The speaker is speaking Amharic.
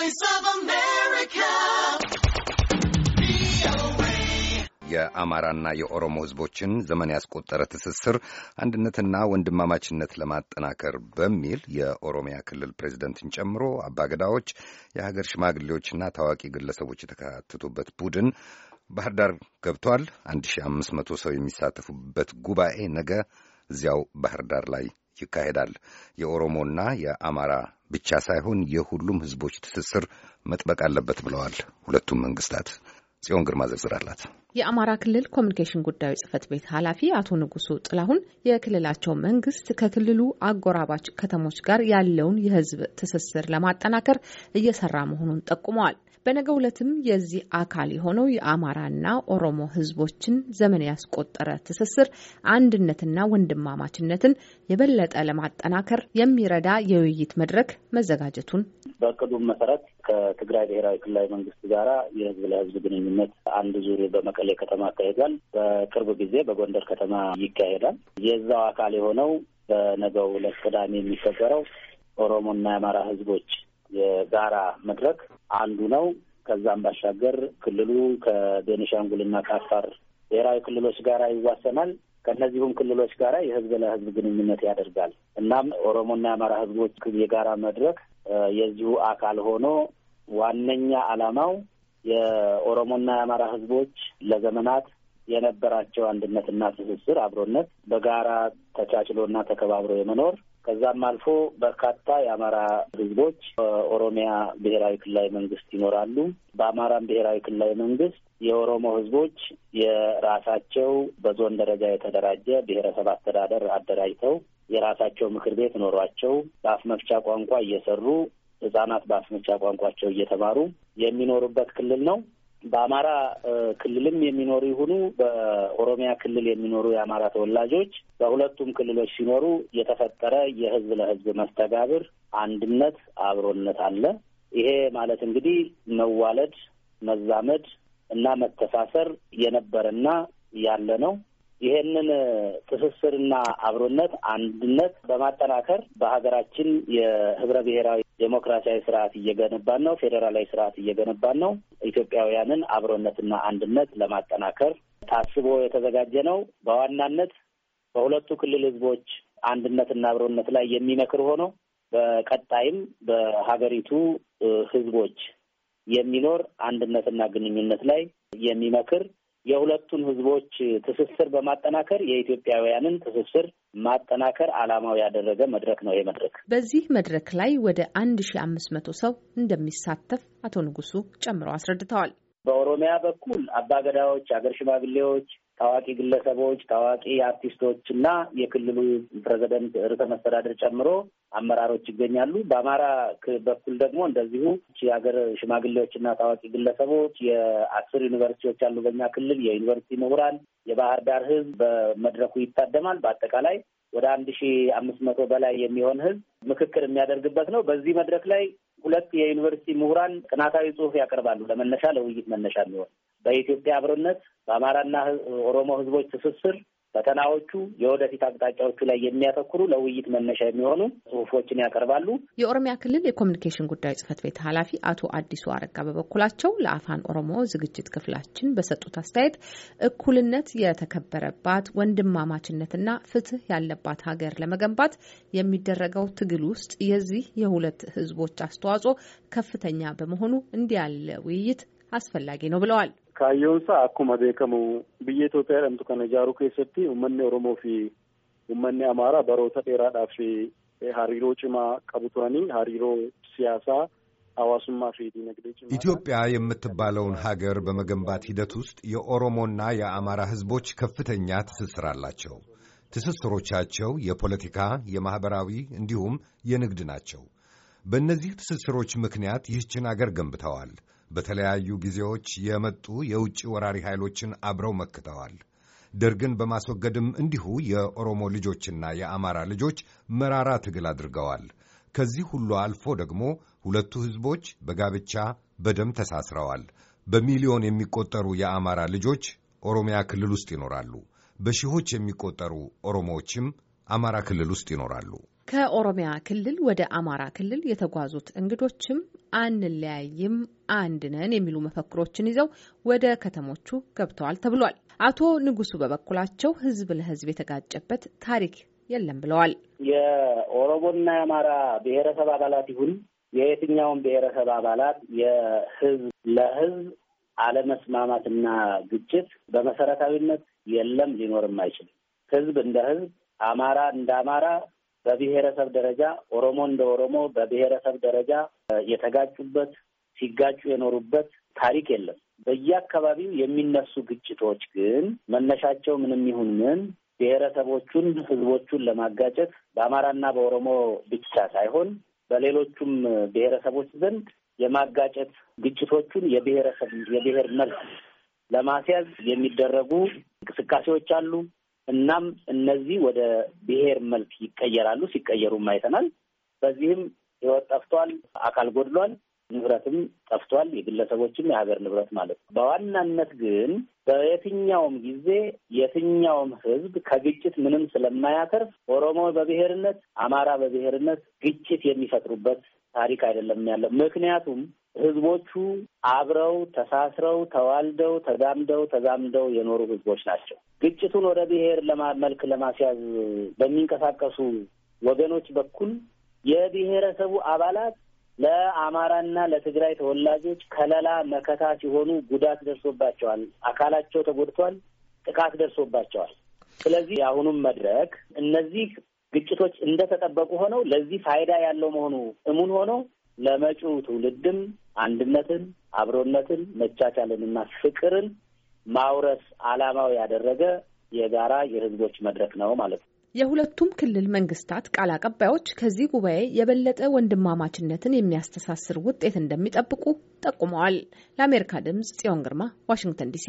Voice of America. የአማራና የኦሮሞ ህዝቦችን ዘመን ያስቆጠረ ትስስር አንድነትና ወንድማማችነት ለማጠናከር በሚል የኦሮሚያ ክልል ፕሬዚደንትን ጨምሮ አባገዳዎች፣ የሀገር ሽማግሌዎችና ታዋቂ ግለሰቦች የተካተቱበት ቡድን ባህር ዳር ገብቷል። 1500 ሰው የሚሳተፉበት ጉባኤ ነገ እዚያው ባህር ዳር ላይ ይካሄዳል። የኦሮሞና የአማራ ብቻ ሳይሆን የሁሉም ህዝቦች ትስስር መጥበቅ አለበት ብለዋል ሁለቱም መንግስታት። ጽዮን ግርማ ዝርዝር አላት። የአማራ ክልል ኮሚኒኬሽን ጉዳዮች ጽህፈት ቤት ኃላፊ አቶ ንጉሱ ጥላሁን የክልላቸው መንግስት ከክልሉ አጎራባች ከተሞች ጋር ያለውን የህዝብ ትስስር ለማጠናከር እየሰራ መሆኑን ጠቁመዋል። በነገው ዕለትም የዚህ አካል የሆነው የአማራና ኦሮሞ ህዝቦችን ዘመን ያስቆጠረ ትስስር አንድነትና ወንድማማችነትን የበለጠ ለማጠናከር የሚረዳ የውይይት መድረክ መዘጋጀቱን በእቅዱም መሰረት ከትግራይ ብሔራዊ ክልላዊ መንግስት ጋራ የህዝብ ለህዝብ ግንኙነት አንድ ዙር በመቀሌ ከተማ አካሂዷል። በቅርብ ጊዜ በጎንደር ከተማ ይካሄዳል። የዛው አካል የሆነው በነገው ዕለት ቅዳሜ የሚከበረው ኦሮሞና የአማራ ህዝቦች የጋራ መድረክ አንዱ ነው። ከዛም ባሻገር ክልሉ ከቤኒሻንጉልና ከአፋር ብሔራዊ ክልሎች ጋር ይዋሰናል። ከእነዚሁም ክልሎች ጋር የህዝብ ለህዝብ ግንኙነት ያደርጋል። እናም ኦሮሞና የአማራ ህዝቦች የጋራ መድረክ የዚሁ አካል ሆኖ ዋነኛ ዓላማው የኦሮሞና የአማራ ህዝቦች ለዘመናት የነበራቸው አንድነትና ትስስር፣ አብሮነት በጋራ ተቻችሎና ተከባብሮ የመኖር ከዛም አልፎ በርካታ የአማራ ህዝቦች በኦሮሚያ ብሔራዊ ክልላዊ መንግስት ይኖራሉ። በአማራም ብሔራዊ ክልላዊ መንግስት የኦሮሞ ህዝቦች የራሳቸው በዞን ደረጃ የተደራጀ ብሔረሰብ አስተዳደር አደራጅተው የራሳቸው ምክር ቤት ኖሯቸው በአፍ መፍቻ ቋንቋ እየሰሩ ህጻናት በአፍ መፍቻ ቋንቋቸው እየተማሩ የሚኖሩበት ክልል ነው። በአማራ ክልልም የሚኖሩ ይሁኑ በኦሮሚያ ክልል የሚኖሩ የአማራ ተወላጆች በሁለቱም ክልሎች ሲኖሩ የተፈጠረ የህዝብ ለህዝብ መስተጋብር፣ አንድነት፣ አብሮነት አለ። ይሄ ማለት እንግዲህ መዋለድ፣ መዛመድ እና መተሳሰር የነበረና ያለ ነው። ይሄንን ትስስርና አብሮነት አንድነት በማጠናከር በሀገራችን የህብረ ብሔራዊ ዴሞክራሲያዊ ስርዓት እየገነባን ነው። ፌዴራላዊ ስርዓት እየገነባን ነው። ኢትዮጵያውያንን አብሮነትና አንድነት ለማጠናከር ታስቦ የተዘጋጀ ነው። በዋናነት በሁለቱ ክልል ህዝቦች አንድነትና አብሮነት ላይ የሚመክር ሆኖ በቀጣይም በሀገሪቱ ህዝቦች የሚኖር አንድነትና ግንኙነት ላይ የሚመክር የሁለቱን ህዝቦች ትስስር በማጠናከር የኢትዮጵያውያንን ትስስር ማጠናከር ዓላማው ያደረገ መድረክ ነው። ይሄ መድረክ በዚህ መድረክ ላይ ወደ አንድ ሺ አምስት መቶ ሰው እንደሚሳተፍ አቶ ንጉሱ ጨምረው አስረድተዋል። በኦሮሚያ በኩል አባገዳዎች፣ አገር ሽማግሌዎች፣ ታዋቂ ግለሰቦች፣ ታዋቂ አርቲስቶች እና የክልሉ ፕሬዚደንት ርዕሰ መስተዳድር ጨምሮ አመራሮች ይገኛሉ። በአማራ በኩል ደግሞ እንደዚሁ የሀገር ሽማግሌዎች እና ታዋቂ ግለሰቦች፣ የአስር ዩኒቨርሲቲዎች ያሉ በኛ ክልል የዩኒቨርሲቲ ምሁራን፣ የባህር ዳር ህዝብ በመድረኩ ይታደማል። በአጠቃላይ ወደ አንድ ሺ አምስት መቶ በላይ የሚሆን ህዝብ ምክክር የሚያደርግበት ነው። በዚህ መድረክ ላይ ሁለት የዩኒቨርሲቲ ምሁራን ጥናታዊ ጽሑፍ ያቀርባሉ ለመነሻ ለውይይት መነሻ የሚሆን በኢትዮጵያ አብሮነት በአማራና ኦሮሞ ህዝቦች ትስስር ፈተናዎቹ የወደፊት አቅጣጫዎቹ ላይ የሚያተኩሩ ለውይይት መነሻ የሚሆኑ ጽሁፎችን ያቀርባሉ። የኦሮሚያ ክልል የኮሚኒኬሽን ጉዳይ ጽህፈት ቤት ኃላፊ አቶ አዲሱ አረጋ በበኩላቸው ለአፋን ኦሮሞ ዝግጅት ክፍላችን በሰጡት አስተያየት እኩልነት የተከበረባት ወንድማማችነትና ፍትህ ያለባት ሀገር ለመገንባት የሚደረገው ትግል ውስጥ የዚህ የሁለት ህዝቦች አስተዋጽኦ ከፍተኛ በመሆኑ እንዲህ ያለ ውይይት አስፈላጊ ነው ብለዋል። kaayyoonsa akkuma beekamu biyya Itoophiyaa jedhamtu kana ijaaruu keessatti uummanni Oromoo fi uummanni Amaaraa baroota dheeraadhaaf hariiroo cimaa qabu turanii hariiroo siyaasaa ሀዋሱማ ፊት ኢትዮጵያ የምትባለውን ሀገር በመገንባት ሂደት ውስጥ የኦሮሞና የአማራ ህዝቦች ከፍተኛ ትስስር አላቸው። ትስስሮቻቸው የፖለቲካ፣ የማኅበራዊ እንዲሁም የንግድ ናቸው። በእነዚህ ትስስሮች ምክንያት ይህችን አገር ገንብተዋል። በተለያዩ ጊዜዎች የመጡ የውጭ ወራሪ ኃይሎችን አብረው መክተዋል። ደርግን በማስወገድም እንዲሁ የኦሮሞ ልጆችና የአማራ ልጆች መራራ ትግል አድርገዋል። ከዚህ ሁሉ አልፎ ደግሞ ሁለቱ ሕዝቦች በጋብቻ በደም ተሳስረዋል። በሚሊዮን የሚቆጠሩ የአማራ ልጆች ኦሮሚያ ክልል ውስጥ ይኖራሉ። በሺዎች የሚቆጠሩ ኦሮሞዎችም አማራ ክልል ውስጥ ይኖራሉ። ከኦሮሚያ ክልል ወደ አማራ ክልል የተጓዙት እንግዶችም አንለያይም አንድ ነን የሚሉ መፈክሮችን ይዘው ወደ ከተሞቹ ገብተዋል ተብሏል። አቶ ንጉሱ በበኩላቸው ህዝብ ለህዝብ የተጋጨበት ታሪክ የለም ብለዋል። የኦሮሞና የአማራ ብሔረሰብ አባላት ይሁን የየትኛውን ብሔረሰብ አባላት የህዝብ ለህዝብ አለመስማማትና ግጭት በመሰረታዊነት የለም፣ ሊኖርም አይችልም። ህዝብ እንደ ህዝብ፣ አማራ እንደ አማራ በብሔረሰብ ደረጃ፣ ኦሮሞ እንደ ኦሮሞ በብሔረሰብ ደረጃ የተጋጩበት ሲጋጩ የኖሩበት ታሪክ የለም። በየአካባቢው የሚነሱ ግጭቶች ግን መነሻቸው ምንም ይሁን ምን ብሔረሰቦቹን፣ ህዝቦቹን ለማጋጨት በአማራና በኦሮሞ ብቻ ሳይሆን በሌሎቹም ብሔረሰቦች ዘንድ የማጋጨት ግጭቶቹን የብሔረሰብ የብሔር መልክ ለማስያዝ የሚደረጉ እንቅስቃሴዎች አሉ። እናም እነዚህ ወደ ብሔር መልክ ይቀየራሉ። ሲቀየሩም አይተናል። በዚህም ህይወት ጠፍቷል፣ አካል ጎድሏል። ንብረትም ጠፍቷል፣ የግለሰቦችም የሀገር ንብረት ማለት ነው። በዋናነት ግን በየትኛውም ጊዜ የትኛውም ሕዝብ ከግጭት ምንም ስለማያተርፍ ኦሮሞ በብሔርነት አማራ በብሔርነት ግጭት የሚፈጥሩበት ታሪክ አይደለም ያለው። ምክንያቱም ህዝቦቹ አብረው ተሳስረው ተዋልደው ተጋምደው ተዛምደው የኖሩ ህዝቦች ናቸው። ግጭቱን ወደ ብሔር መልክ ለማስያዝ በሚንቀሳቀሱ ወገኖች በኩል የብሔረሰቡ አባላት ለአማራና ለትግራይ ተወላጆች ከለላ መከታ ሲሆኑ ጉዳት ደርሶባቸዋል። አካላቸው ተጎድቷል። ጥቃት ደርሶባቸዋል። ስለዚህ የአሁኑም መድረክ እነዚህ ግጭቶች እንደተጠበቁ ሆነው ለዚህ ፋይዳ ያለው መሆኑ እሙን ሆኖ ለመጪው ትውልድም አንድነትን፣ አብሮነትን፣ መቻቻልንና ፍቅርን ማውረስ ዓላማው ያደረገ የጋራ የህዝቦች መድረክ ነው ማለት ነው። የሁለቱም ክልል መንግስታት ቃል አቀባዮች ከዚህ ጉባኤ የበለጠ ወንድማማችነትን የሚያስተሳስር ውጤት እንደሚጠብቁ ጠቁመዋል። ለአሜሪካ ድምጽ ጽዮን ግርማ ዋሽንግተን ዲሲ